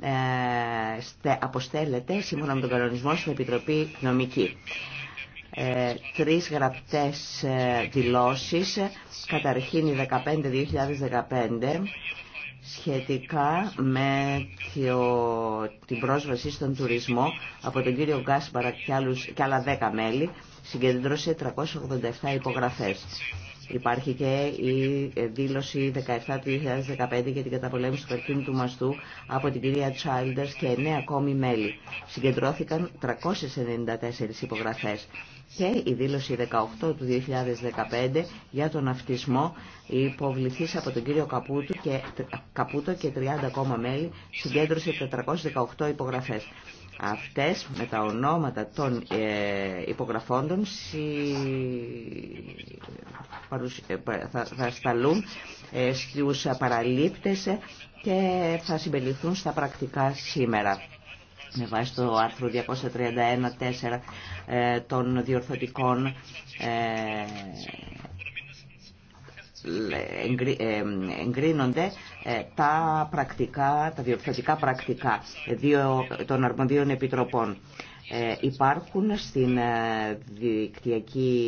Ε, αποστέλλεται σύμφωνα με τον κανονισμό στην Επιτροπή Νομική. Ε, τρεις γραπτές ε, δηλώσεις, καταρχήν η 15-2015, σχετικά με την πρόσβαση στον τουρισμό από τον κύριο Γκάσπαρα και, και άλλα 10 μέλη συγκεντρώσε 387 υπογραφές. Υπάρχει και η δήλωση 17-2015 για την καταπολέμηση του καρκίνου του μαστού από την κυρία Childers και 9 ακόμη μέλη. Συγκεντρώθηκαν 394 υπογραφές. Και η δήλωση 18 του 2015 για τον αυτισμό υποβληθής από τον κύριο Καπούτο και, Καπούτο και 30 ακόμα μέλη συγκέντρωσε 418 υπογραφές. Αυτές με τα ονόματα των ε, υπογραφώντων ε, θα σταλούν ε, στους παραλήπτες και θα συμπεριληφθούν στα πρακτικά σήμερα με βάση το άρθρο 231.4 ε, των διορθωτικών ε, εγκρίνονται τα, πρακτικά, τα διορθωτικά πρακτικά των αρμοδίων επιτροπών. υπάρχουν στην δικτυακή